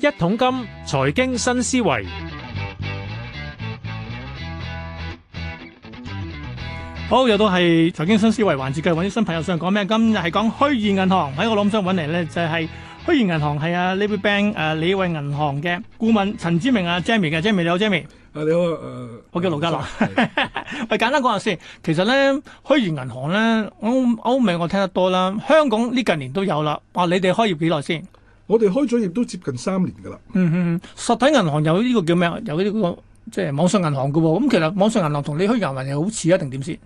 一桶金財經新思維，好又到係財經新思維環節，繼續揾啲新朋友想講咩？今日係講虛擬銀行，喺我諗想揾嚟咧就係虛擬銀行係啊 Livi Bank 誒，Livi 銀行嘅顧問陳占明啊，Jamie 嘅、啊、Jamie 你好 Jamie 你好，呃、我叫盧家樂。咪、嗯、 簡單講下先，其實咧，虛擬銀行咧，歐歐美我聽得多啦，香港呢近年都有啦。哇、啊，你哋開業幾耐先？我哋開咗業都接近三年噶啦。嗯嗯，實體銀行有呢個叫咩？有呢、這個即係、就是、網上銀行噶、哦。咁其實網上銀行同你虛擬銀行又好似啊，定點先？誒、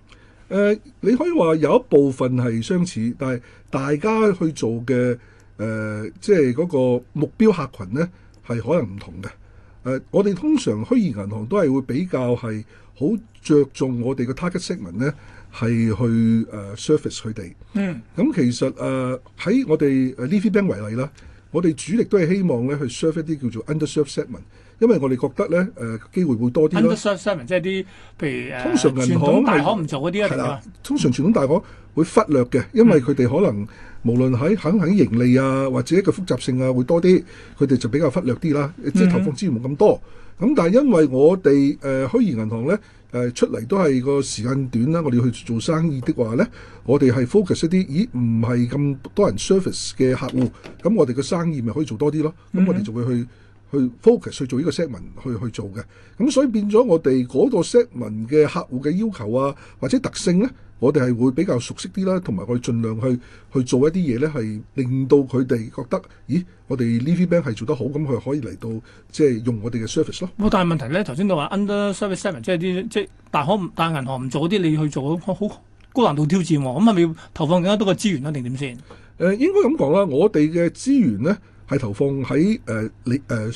呃，你可以話有一部分係相似，但係大家去做嘅誒，即係嗰個目標客群咧，係可能唔同嘅。誒、呃，我哋通常虛擬銀行都係會比較係好着重我哋嘅 target segment 咧，係去誒 service 佢哋。嗯。咁、嗯、其實誒喺、呃、我哋 Livi Bank 為例啦，我哋主力都係希望咧去 serve 一啲叫做 underserved segment，因為我哋覺得咧誒、呃、機會會多啲咯。underserved segment 即係啲譬如誒傳統大行唔做嗰啲咯。啦、呃，通常傳統大，大行會忽略嘅，因為佢哋可能。嗯無論喺肯肯盈利啊，或者一個複雜性啊，會多啲，佢哋就比較忽略啲啦。Mm-hmm. 即係投放資源冇咁多。咁但係因為我哋誒虛擬銀行咧，出嚟都係個時間短啦。我哋去做生意的話咧，我哋係 focus 一啲，咦唔係咁多人 s u r f a c e 嘅客戶，咁我哋嘅生意咪可以做多啲咯。咁我哋就會去、mm-hmm. 去 focus 去做呢個 set 文去去做嘅。咁所以變咗我哋嗰個 set 文嘅客戶嘅要求啊，或者特性咧。我哋係會比較熟悉啲啦，同埋我哋盡量去去做一啲嘢咧，係令到佢哋覺得，咦，我哋 Livi bank 係做得好，咁佢可以嚟到即係、就是、用我哋嘅 service 咯。咁但係問題咧，頭先都話 under service seven，即係啲即係大行大銀行唔做啲，你要去做好高難度挑戰喎、啊，咁係咪要投放更加多嘅資源咧、啊，定點先？誒、呃，應該咁講啦，我哋嘅資源咧係投放喺誒、呃、你誒。呃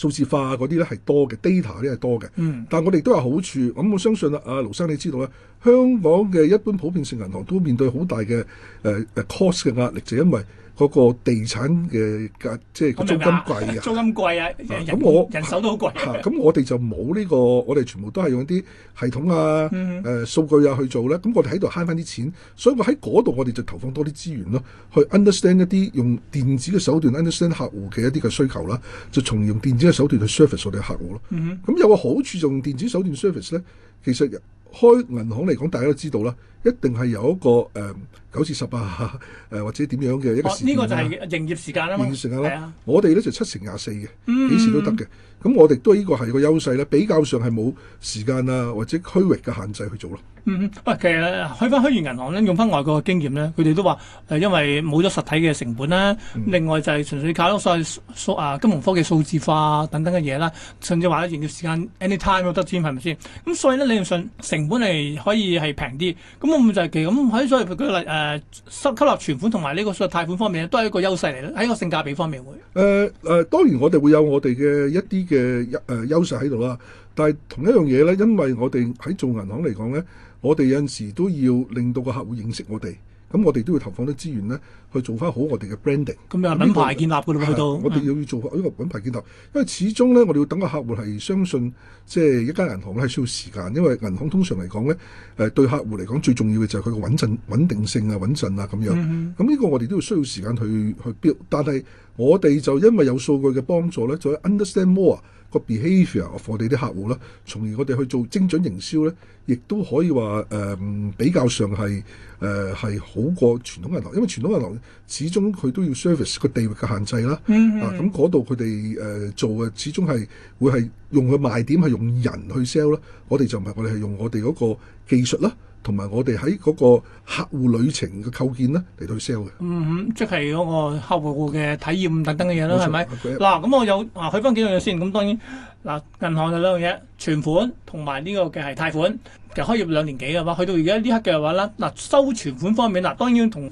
數字化嗰啲咧係多嘅，data 啲係多嘅、嗯，但我哋都有好處，咁我相信啊，阿盧生你知道咧，香港嘅一般普遍性銀行都面對好大嘅誒誒 cost 嘅壓力，就因為，嗰、那個地產嘅價，即、啊、係、就是、租金貴啊！租金貴啊！咁、啊、我人,、啊、人,人手都好貴、啊。咁、啊 啊、我哋就冇呢、這個我哋全部都係用啲系統啊、誒、mm-hmm. 啊、數據啊去做咧。咁我哋喺度慳翻啲錢，所以我喺嗰度我哋就投放多啲資源咯，去 understand 一啲用電子嘅手段 understand 客戶嘅一啲嘅需求啦，就從用電子嘅手段去 service 我哋客戶咯。咁、mm-hmm. 有個好處就用電子手段 service 咧，其實開銀行嚟講，大家都知道啦。一定係有一個九、呃、至十啊或者點樣嘅一個呢、啊啊呢個就係營業時間啦、啊，嘛。營業時間、啊啊、我哋咧就七成廿四嘅，幾時都得嘅。咁、嗯、我哋都呢個係個優勢咧，比較上係冇時間啊或者區域嘅限制去做咯、啊。嗯，喂，其實開翻虛擬銀行咧，用翻外國嘅經驗咧，佢哋都話因為冇咗實體嘅成本啦、啊嗯。另外就係純粹靠咗所謂數啊金融科技數字化等等嘅嘢啦，甚至話咧營業時間 anytime 都得添，係咪先？咁所以咧，理論上成本係可以係平啲咁。咁就係其咁喺，所以佢例誒吸吸納存款同埋呢個貸款方面咧，都係一個優勢嚟咯。喺個性價比方面會誒誒、呃呃，當然我哋會有我哋嘅一啲嘅誒優勢喺度啦。但係同一樣嘢咧，因為我哋喺做銀行嚟講咧，我哋有陣時都要令到個客戶認識我哋。咁我哋都要投放啲資源咧，去做翻好我哋嘅 branding、嗯。咁啊、呢個，品牌建立噶啦，去到，我哋要要做呢個品牌建立，嗯、因為始終咧，我哋要等個客戶係相信，即係一間銀行咧，係需要時間。因為銀行通常嚟講咧，誒、呃、對客戶嚟講最重要嘅就係佢嘅穩陣穩定性啊、穩陣啊咁樣。咁、嗯、呢個我哋都要需要時間去去 build，但係。我哋就因為有數據嘅幫助咧，就 understand more 個 behaviour of 我哋啲客戶啦，從而我哋去做精準營銷咧，亦都可以話誒比較上係誒係好過傳統銀行，因為傳統銀行始終佢都要 service 個地域嘅限制啦、mm-hmm.。啊，咁嗰度佢哋誒做嘅始終係會係用佢賣點係用人去 sell 啦，我哋就唔係我哋係用我哋嗰個技術啦。同埋我哋喺嗰個客戶旅程嘅構建咧嚟到 sell 嘅，嗯即係嗰個客戶嘅體驗等等嘅嘢咯，係咪？嗱咁、啊啊、我有啊，去翻幾樣嘢先。咁當然嗱、啊，銀行有兩樣嘢，存款同埋呢個嘅係貸款。其實開業兩年幾嘅話，去到而家呢刻嘅話咧，嗱、啊、收存款方面，嗱、啊、當然同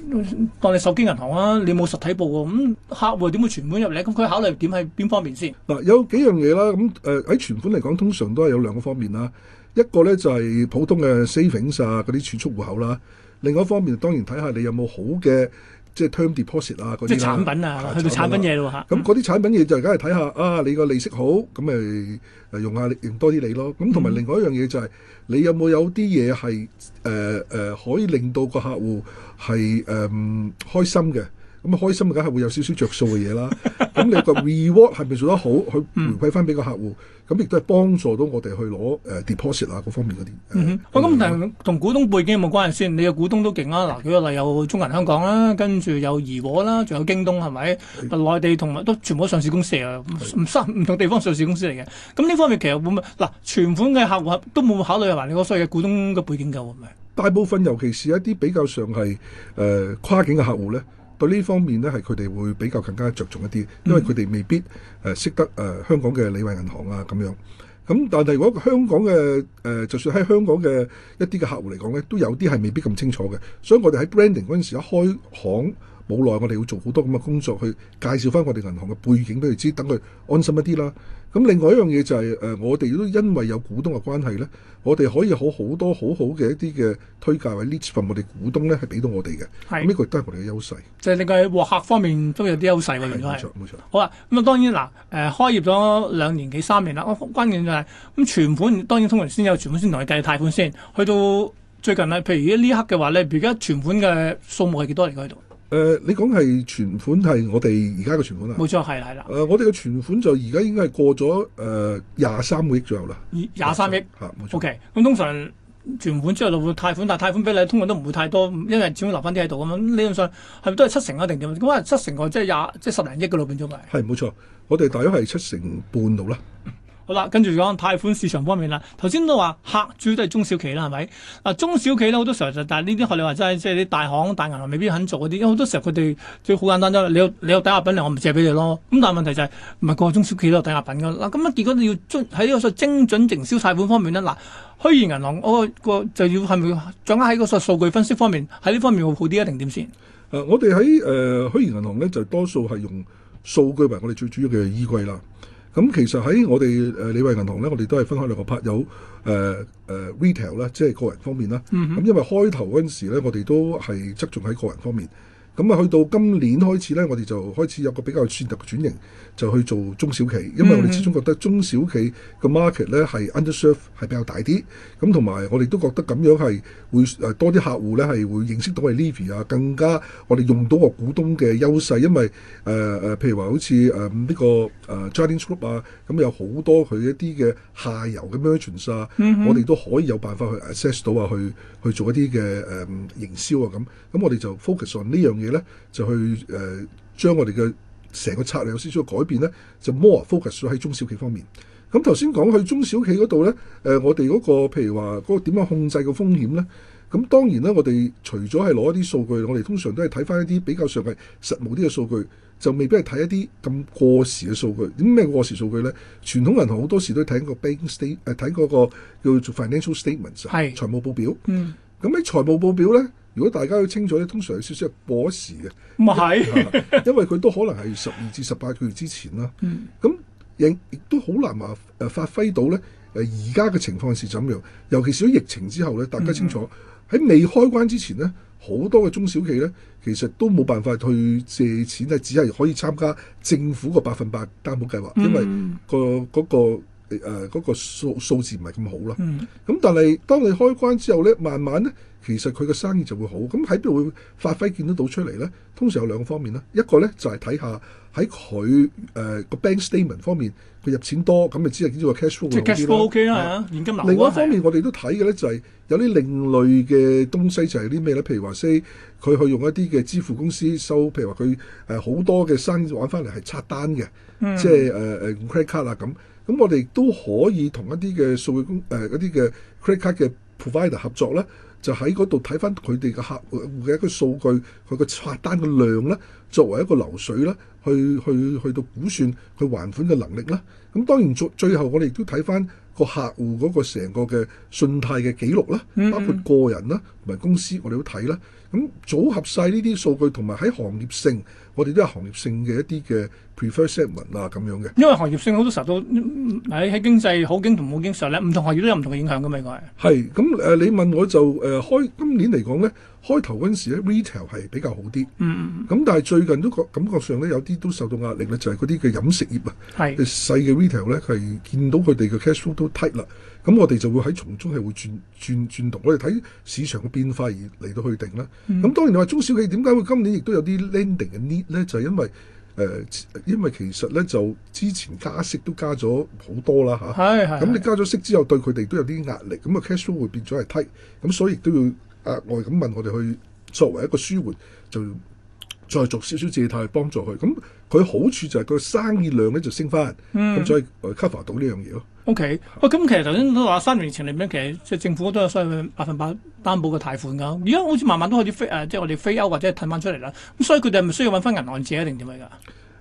當你手機銀行啊，你冇實體部咁、啊、客戶點會存款入嚟？咁佢考慮點喺邊方面先？嗱、啊、有幾樣嘢啦，咁誒喺存款嚟講，通常都係有兩個方面啦。一個咧就係、是、普通嘅 savings 啊，嗰啲儲蓄戶口啦。另外一方面當然睇下你有冇好嘅即係 term deposit 啊嗰啲產品啊，啊去到產品嘢咯，咁嗰啲產品嘢、啊啊嗯、就梗係睇下啊，你個利息好，咁咪用下用多啲你咯。咁同埋另外一樣嘢就係、是嗯、你有冇有啲嘢係誒誒可以令到個客戶係誒開心嘅。咁啊，開心梗係會有少少着數嘅嘢啦。咁 你個 reward 係咪做得好，佢 回饋翻俾個客戶，咁亦都係幫助到我哋去攞誒 deposit 啊，各方面嗰啲。嗯哼，咁但同股東背景有冇關係先？你嘅股東都勁啊！嗱，舉例有中銀香港啦，跟住有怡和啦，仲有京東係咪？內地同埋都全部都上市公司嚟嘅，唔三唔同地方上市公司嚟嘅。咁呢方面其實會唔會嗱存款嘅客戶都冇考慮埋你嗰個所有股東嘅背景夠係咪？大部分尤其是一啲比較上係誒、嗯呃、跨境嘅客戶咧。對呢方面呢係佢哋會比較更加著重一啲，因為佢哋未必誒識得、呃、香港嘅 Livi 銀行啊咁樣。咁、嗯、但係如果香港嘅、呃、就算喺香港嘅一啲嘅客戶嚟講呢都有啲係未必咁清楚嘅。所以我哋喺 branding 嗰陣時一開行。冇耐，我哋要做好多咁嘅工作去介紹翻我哋銀行嘅背景俾佢知，等佢安心一啲啦。咁另外一樣嘢就係、是、誒、呃，我哋都因為有股東嘅關係咧，我哋可以好好好好多好好嘅一啲嘅推介位呢份，我哋股東咧係俾到我哋嘅。呢個都係我哋嘅優勢。就係、是、另外喺獲客方面都有啲優勢喎，原來係。冇錯，冇錯。好啊，咁、嗯、啊當然嗱、啊，誒、呃、開業咗兩年幾三年啦。我關鍵就係咁存款，當然通常先有存款先同你計貸款先。去到最近咧、啊，譬如而家呢刻嘅話咧，而家存款嘅數目係幾多嚟度？誒、呃，你講係存款係我哋而家嘅存款啊？冇錯，係係啦。誒、呃，我哋嘅存款就而家應該係過咗誒廿三個億左右啦。廿三億，冇錯。O K，咁通常存款之後就會貸款，但係貸款比例通常都唔會太多，因為錢會留翻啲喺度咁樣。理論上係咪都係七成一定點？咁啊，七成我即係廿即係十零億嘅咯，半鐘係。係冇錯，我哋大約係七成半度啦。嗯好啦，跟住講貸款市場方面啦。頭先都話客主都係中小企啦，係咪？嗱中小企咧好多時候就但呢啲學你話齋，即係啲大行大銀行未必肯做嗰啲，因為好多時候佢哋最好簡單咗啦，你有你有抵押品嚟，我唔借俾你咯。咁但係問題就係唔係個個中小企都有抵押品㗎啦。咁啊，結果你要喺呢個精準營銷貸款方面咧，嗱，虛擬銀行我，我就要係咪掌握喺個數據分析方面喺呢方面會好啲啊？定點先？我哋喺誒虛擬銀行咧，就多數係用數據為我哋最主要嘅依歸啦。咁其實喺我哋誒 livi 銀行咧，我哋都係分開兩個 part，有誒誒 retail 啦，即係個人方面啦、mm-hmm.。咁因為開頭嗰陣時咧，我哋都係側重喺個人方面。咁啊，去到今年開始咧，我哋就開始有個比較選嘅轉型，就去做中小企，因為我哋始終覺得中小企個 market 咧、mm-hmm. 係 under serve 係比較大啲，咁同埋我哋都覺得咁樣係會誒多啲客戶咧係會認識到係 l e v y 啊，更加我哋用到個股東嘅優勢，因為誒誒譬如話好似誒呢誒 t r a d i n e Club 啊，咁有好多佢一啲嘅下游嘅 m e r c h 咁樣存啊我哋都可以有辦法去 a s s e s s 到啊，去去做一啲嘅誒營銷啊咁，咁我哋就 focus on 呢樣嘢。咧就去誒，將、呃、我哋嘅成個策略有少少改變咧，就 more focus 咗喺中小企方面。咁頭先講去中小企嗰度咧，誒、呃，我哋嗰、嗰個譬如話嗰個點樣控制個風險咧？咁、嗯、當然咧，我哋除咗係攞一啲數據，我哋通常都係睇翻一啲比較上係實務啲嘅數據，就未必係睇一啲咁過時嘅數據。點咩過時數據咧？傳統銀行好多時都睇個 bank statement，誒、啊，睇嗰個叫做 financial statements，係財務報表。嗯，咁喺財務報表咧。如果大家都清楚咧，通常有少少係過時嘅，唔係，因為佢都可能係十二至十八個月之前啦。咁 亦、嗯、都好難話誒，發揮到咧誒，而家嘅情況是怎樣？尤其是疫情之後咧，大家清楚喺、嗯、未開關之前咧，好多嘅中小企咧，其實都冇辦法去借錢咧，只係可以參加政府個百分百擔保計劃，嗯、因為、嗰個嗰、嗰個誒、呃嗰個數數字唔係咁好啦。咁、嗯、但係當你開關之後咧，慢慢咧。其實佢嘅生意就會好，咁喺邊度會發揮見得到出嚟咧？通常有兩個方面咧，一個咧就係、是、睇下喺佢誒個 bank statement 方面，佢入錢多，咁咪即係叫做 cash flow。即係 cash flow OK、啊啊、現金流、啊。另外一方面我，我哋都睇嘅咧就係、是、有啲另類嘅東西就，就係啲咩咧？譬如話 say 佢去用一啲嘅支付公司收，譬如話佢誒好多嘅生意玩翻嚟係刷單嘅，嗯、即係誒誒 credit card 啊咁。咁我哋都可以同一啲嘅數據公誒一啲嘅 credit card 嘅 provider 合作咧。就喺嗰度睇翻佢哋嘅客戶嘅一個數據，佢個刷單嘅量啦，作為一個流水啦，去去去到估算佢還款嘅能力啦，咁當然最最後我哋亦都睇翻個客戶嗰個成個嘅信貸嘅記錄啦，包括個人啦同埋公司我哋都睇啦。咁組合晒呢啲數據同埋喺行業性。我哋都係行業性嘅一啲嘅 preferred segment 啊，咁樣嘅。因為行業性好多時候都喺喺經濟好景同冇景嘅時候咧，唔同行業都有唔同嘅影響咁樣嘅。係咁誒，你問我就誒開、呃、今年嚟講咧，開頭嗰陣時咧 retail 係比較好啲。嗯咁但係最近都覺感覺上咧有啲都受到壓力咧，就係嗰啲嘅飲食業啊，係細嘅 retail 咧係見到佢哋嘅 cash flow 都 tight 啦。咁我哋就會喺從中係會轉轉轉動。我哋睇市場嘅變化而嚟到去定啦。咁、嗯、當然話中小企點解會今年亦都有啲 lending 嘅 need？咧就是、因為誒、呃，因為其實咧就之前加息都加咗好多啦嚇，咁、啊、你加咗息之後對佢哋都有啲壓力，咁啊 cash flow 會變咗係 tight，咁所以都要額外咁問我哋去作為一個舒緩，就再做少少借貸去幫助佢。咁佢好處就係個生意量咧就升翻，咁所以 cover 到呢樣嘢咯。O.K. 喂、哦，咁、嗯嗯嗯、其實頭先都話三年前嚟講，其實即係政府都有相百分百擔保嘅貸款㗎。而家好似慢慢都開始飛、啊、即係我哋非歐或者褪翻出嚟啦。咁所以佢哋係咪需要揾翻銀行借定、啊、點樣㗎？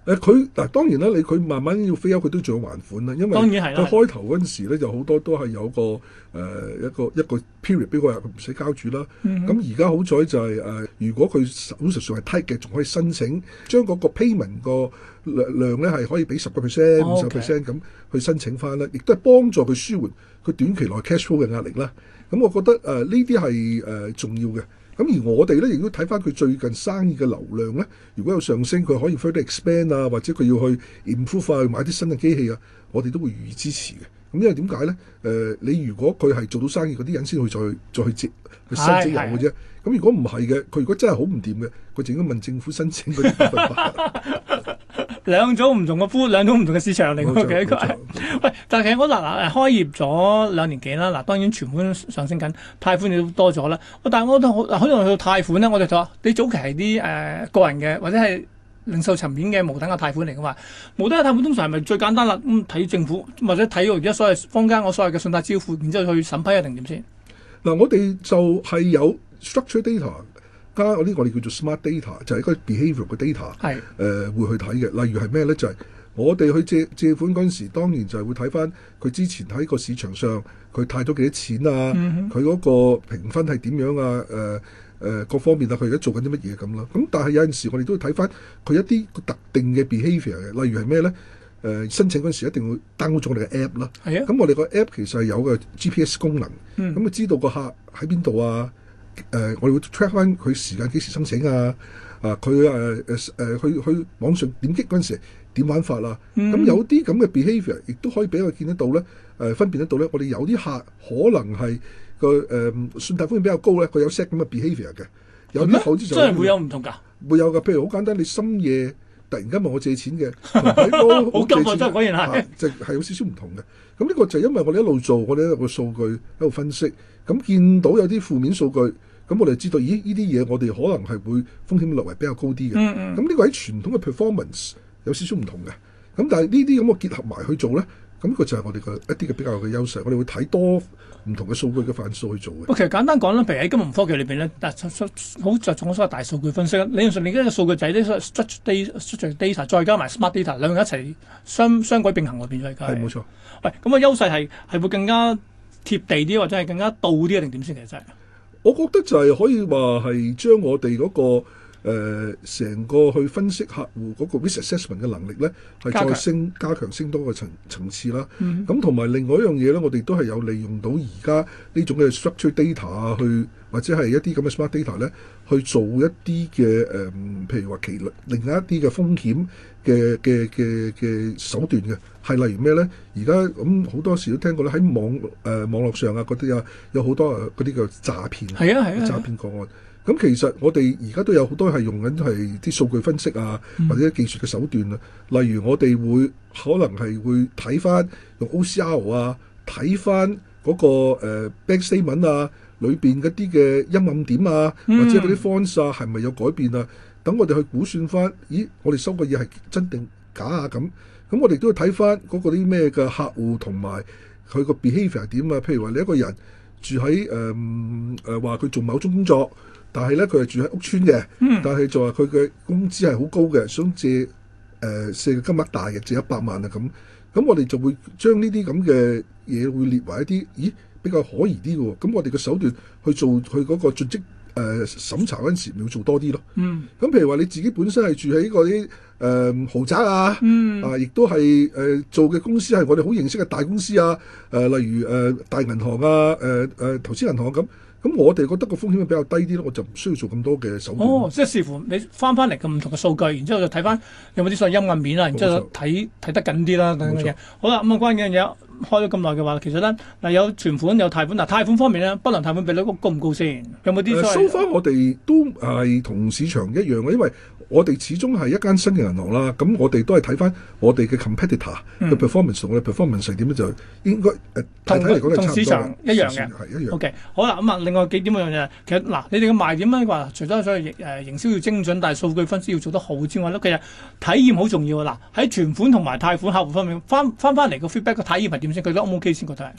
誒佢嗱當然啦，你佢慢慢要飛屋，佢都仲要還款啦，因為佢開頭嗰陣時咧，就好多都係有個誒一個、呃、一個一個 period 俾佢唔使交住啦。咁而家好彩就係、是、誒、呃，如果佢實際上係 tag 嘅，仲可以申請將嗰個 payment 個量咧係可以俾十個 percent、五十 percent 咁去申請返啦。亦都係幫助佢舒緩佢短期內 cash flow 嘅壓力啦。咁、嗯、我覺得誒呢啲係誒重要嘅。咁而我哋呢，亦都睇翻佢最近生意嘅流量咧，如果有上升，佢可以 further expand 啊，或者佢要去 improve 啊，去買啲新嘅機器啊，我哋都會予以支持嘅。咁因為點解咧？誒、呃，你如果佢係做到生意嗰啲人先去再再去接去，去申請人嘅啫。咁如果唔係嘅，佢如果真係好唔掂嘅，佢就應該問政府申請佢。啲。 兩種唔同嘅款，兩種唔同嘅市場嚟嘅。喂，但係其實我嗱嗱誒開業咗兩年幾啦。嗱，當然存款上升緊，貸款你都多咗啦。但係我都好，可能去到貸款咧。我哋就話你早期係啲誒、呃、個人嘅或者係。零售層面嘅無抵押貸款嚟嘅嘛，無抵押貸款通常係咪最簡單啦？咁、嗯、睇政府或者睇我而家所謂坊間我所謂嘅信貸招付，然之後去審批啊，定點先？嗱，我哋就係有 structure data 加呢啲我哋叫做 smart data，就係一個 behavioral 嘅 data，係誒、呃、會去睇嘅。例如係咩咧？就係、是、我哋去借借款嗰陣時，當然就係會睇翻佢之前喺個市場上佢貸咗幾多錢啊，佢、嗯、嗰個評分係點樣啊？誒、呃。誒各方面啦，佢而家做緊啲乜嘢咁咯？咁但係有陣時，我哋都會睇翻佢一啲特定嘅 behaviour 嘅，例如係咩咧？誒、呃、申請嗰時一定會 download 咗我哋嘅 app 啦。係啊。咁我哋個 app 其實係有個 GPS 功能。嗯。咁佢知道個客喺邊度啊？誒、呃，我哋會 check 翻佢時間幾時申請啊？啊、呃，佢誒誒誒去去網上點擊嗰陣時點玩法啦、啊。嗯。咁有啲咁嘅 behaviour，亦都可以畀佢見得到咧。誒、呃，分辨得到咧，我哋有啲客可能係。佢誒信貸風險比較高咧，佢有 set 咁嘅 behavior 嘅，有啲好之就真係會有唔同㗎？會有㗎。譬如好簡單，你深夜突然間問我借錢嘅 和我， 我好急我真嗰樣係，即 係、就是、有少少唔同嘅。咁呢個就係因為我哋一路做，我哋一路個數據一度分析，咁見到有啲負面數據，咁我哋知道，咦，呢啲嘢我哋可能係會風險略為比較高啲嘅。嗯，咁呢個喺傳統嘅 performance 有少少唔同嘅。咁但係呢啲咁嘅結合埋去做咧。咁、那、呢個就係我哋嘅一啲嘅比較嘅優勢，我哋會睇多唔同嘅數據嘅分析去做嘅。其實簡單講咧，譬如喺金融科技裏邊咧，嗱好着重所謂大數據分析，你用上你嗰啲數據仔，啲 structured data 再加埋 smart data，兩個一齊雙雙軌並行裏邊再加。係、就、冇、是、錯。喂，咁、那、啊、個、優勢係會更加貼地啲，或者係更加道啲啊，定點先其實？我覺得就係可以話係將我哋嗰、那個。誒、呃、成個去分析客戶嗰個 risk assessment 嘅能力咧，係再升加強，加強升多個層層次啦。咁同埋另外一樣嘢咧，我哋都係有利用到而家呢種嘅 structured data 啊，去或者係一啲咁嘅 smart data 咧，去做一啲嘅誒，譬如話其另外一啲嘅風險嘅嘅嘅嘅手段嘅，係例如咩咧？而家咁好多時都聽過咧，喺網誒、呃、網絡上啊，嗰啲啊有好多嗰、啊、啲叫詐騙，係啊，係啊，係啊，詐騙個案。咁其實我哋而家都有好多係用緊係啲數據分析啊，或者技術嘅手段啊。例如我哋會可能係會睇翻用 OCR 啊，睇翻嗰個 bank statement 啊裏面嗰啲嘅陰暗點啊，或者嗰啲 font 啊係咪有改變啊？等我哋去估算翻，咦我哋收嘅嘢係真定假啊？咁咁我哋都要睇翻嗰個啲咩嘅客戶同埋佢個 behaviour 係點啊？譬如話你一個人住喺誒誒話佢做某種工作。但係咧，佢係住喺屋村嘅，嗯，但係就係佢嘅工資係好高嘅，想借誒四個金額大嘅借一百萬啊咁，咁我哋就會將呢啲咁嘅嘢會列為一啲，咦比較可疑啲嘅，咁我哋嘅手段去做佢嗰個進職。誒、呃、審查嗰陣時，要做多啲咯。嗯，咁譬如話，你自己本身係住喺嗰啲誒豪宅啊，嗯，啊，亦都係誒、呃、做嘅公司係我哋好認識嘅大公司啊。誒、呃，例如誒、呃、大銀行啊，誒、呃、誒投資銀行咁、啊。咁我哋覺得個風險比較低啲咯，我就唔需要做咁多嘅手、哦。即係視乎你翻翻嚟咁唔同嘅數據，然之後就睇翻有冇啲所謂陰暗面啊，然之後睇睇得緊啲啦等好啦，咁啊，關於依樣嘢。開咗咁耐嘅話，其實咧嗱有存款有貸款嗱，貸、呃、款方面咧，不良貸款比率高唔高先？有冇啲收翻？Uh, so far, 我哋都係同市場一樣嘅，因為我哋始終係一間新嘅銀行啦。咁我哋都係睇翻我哋嘅 competitor 嘅、嗯、performance，我哋 performance 係點咧？就應該誒同同市場一樣嘅。OK，好啦咁啊，另外幾點嘅樣嘢，其實嗱、啊，你哋嘅賣點咧話，除咗所謂誒、啊、營銷要精準，但係數據分析要做得好之外，覺得佢啊體驗好重要啊！嗱，喺存款同埋貸款客戶方面，翻翻翻嚟嘅 feedback 嘅體驗係點。唔知佢得 O 唔 O K 先，覺得誒、okay，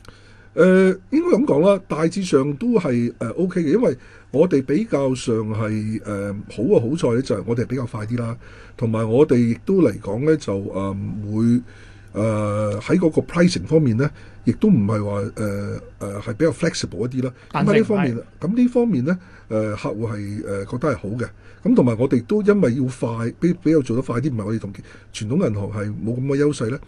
呃、應該咁講啦，大致上都係誒 O K 嘅，因為我哋比較上係誒、呃、好啊好在咧，就係我哋比較快啲啦，同埋我哋亦都嚟講咧就誒、呃、會誒喺嗰個 pricing 方面咧，亦都唔係話誒誒係比較 flexible 一啲啦。咁喺呢方面，咁呢方面咧誒、呃、客戶係誒覺得係好嘅，咁同埋我哋都因為要快，比比較做得快啲，唔係我哋同傳統銀行係冇咁嘅優勢咧。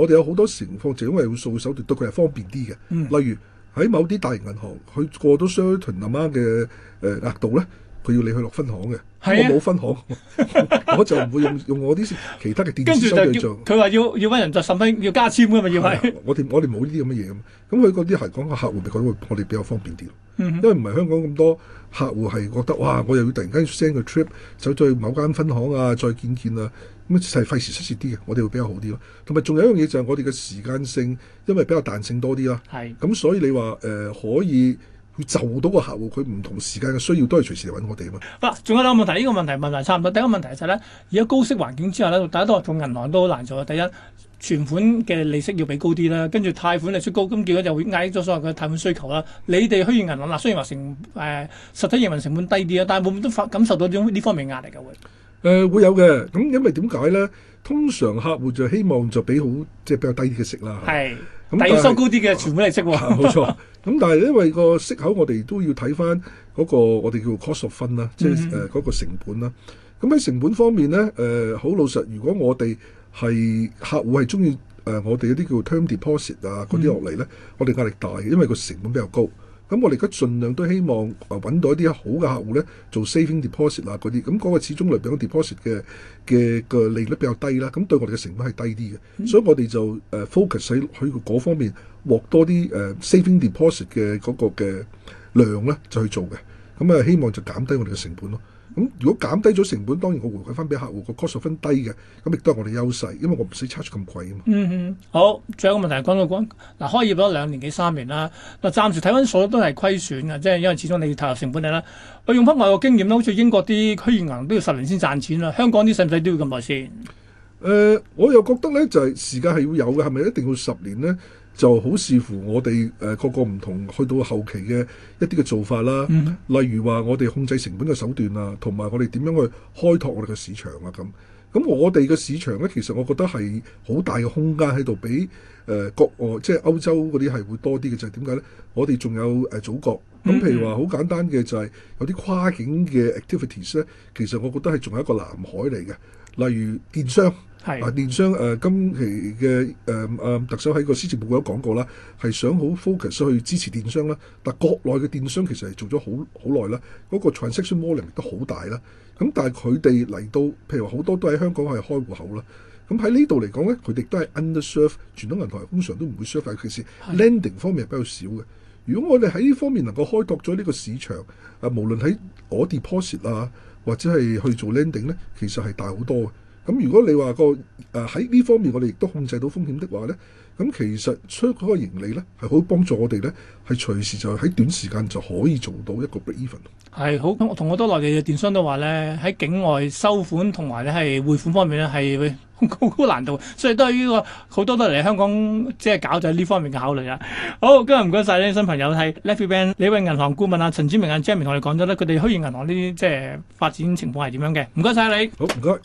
我哋有好多情況，就因為用數字手段對佢係方便啲嘅、嗯。例如喺某啲大型銀行，佢過到 Certain 咁啱嘅誒額度咧。要你去落分行嘅，啊，我冇分行， 我就唔會用用我啲其他嘅電子商去做。佢話要他要，搵人就十分要加簽嘅嘛，要係我哋我哋冇呢啲咁嘅嘢咁。咁佢嗰啲係講個客戶，咪覺得我哋比較方便啲，嗯、因為唔係香港咁多客戶係覺得哇，我又要突然間 send 個 trip，走去某間分行啊，再見見啊，咁係費時出事啲嘅。我哋會比較好啲咯。同埋仲有一樣嘢就係我哋嘅時間性，因為比較彈性多啲啦。係咁，所以你話誒、呃、可以。就到個客戶，佢唔同時間嘅需要都係隨時嚟揾我哋嘛。嗱，仲有兩個問題，呢、這個問題問埋差唔多。第一個問題就係咧，而家高息環境之下咧，大家都話同銀行都好難做。第一，存款嘅利息要俾高啲啦，跟住貸款利息高，咁結果就會嗌咗所謂嘅貸款需求啦。你哋虛擬銀行啦，雖然話成誒、呃，實體營運成本低啲啊，但係會唔會都發感受到呢方面壓力嘅會？誒、呃，會有嘅。咁因為點解咧？通常客戶就希望就俾好，即、就、係、是、比較低啲嘅息啦。係。咁、嗯、收高啲嘅、啊，全部都係息喎。冇、啊啊、錯，咁、 嗯、但係因為個息口，我哋都要睇翻嗰個我哋叫 cost of fund 啦、呃，即係誒嗰個成本啦。咁、嗯、喺成本方面咧，誒、呃、好老實，如果我哋係客戶係中意誒我哋嗰啲叫 term deposit 啊嗰啲落嚟咧，我哋壓力大，因為個成本比較高。咁我哋而家儘量都希望誒揾到一啲好嘅客戶咧，做 saving deposit、啊嗰啲，咁嗰個始終嚟講 deposit 嘅嘅嘅利率比較低啦，咁對我哋嘅成本係低啲嘅，所以我哋就誒 focus 喺佢個嗰方面獲多啲誒 saving deposit 嘅嗰個嘅量咧，就去做嘅，咁啊希望就減低我哋嘅成本咯。咁如果減低咗成本，當然我回饋翻俾客戶個 cost of income 低嘅，咁亦都係我哋優勢，因為我唔使 charge 咁貴啊嘛。嗯哼，好，最後一個問題係講到講嗱，開業咗兩年幾三年啦，嗱暫時睇翻數都係虧損嘅，即係因為始終你要投入成本嚟啦。我用翻外國經驗啦，好似英國啲虛擬銀行都要十年先賺錢啦，香港啲使唔使都要咁耐先？誒、呃，我又覺得咧就係、是、時間係要有嘅，係咪一定要十年咧？就好視乎我哋各個唔同，去到後期嘅一啲嘅做法啦。例如話，我哋控制成本嘅手段啊，同埋我哋點樣去開拓我哋嘅市場啊咁。咁我哋嘅市場呢，其實我覺得係好大嘅空間喺度，比國外即係歐洲嗰啲係會多啲嘅。就係點解呢？我哋仲有誒祖國。咁譬如話，好簡單嘅就係有啲跨境嘅 activities 呢，其實我覺得係仲係一個南海嚟嘅。例如電商，啊電商誒、呃，今期嘅誒啊特首喺個施政報告都講過啦，係想好 focus 去支持電商啦。但國內嘅電商其實係做咗好好耐啦，嗰、那個 transaction volume 都好大啦。咁但係佢哋嚟到，譬如好多都喺香港係開戶口啦。咁喺呢度嚟講咧，佢哋都係 under serve 傳統銀行，通常都唔會 serve，其實 lending 方面係比較少嘅。如果我哋喺呢方面能夠開拓咗呢個市場，啊無論喺我哋 posh 啦。或者係去做 lending 咧，其實係大好多嘅。咁如果你話個誒喺呢方面，我哋亦都控制到風險的話咧，咁其實出嗰個盈利咧係可以幫助我哋咧，係隨時就喺短時間就可以做到一個 break even。係好，同好多內地嘅電商都話咧，喺境外收款同埋咧係匯款方面咧係。是高 難度，所以都係呢個好多都嚟香港即係、就是、搞就係呢方面嘅考慮啦。好，今日唔該晒啲新朋友係 Livi bank 呢位銀行顧問啊，陳占明啊，Jeremy 同我哋講咗咧，佢哋虛擬銀行呢啲即係發展情況係點樣嘅？唔該晒你。好，唔該。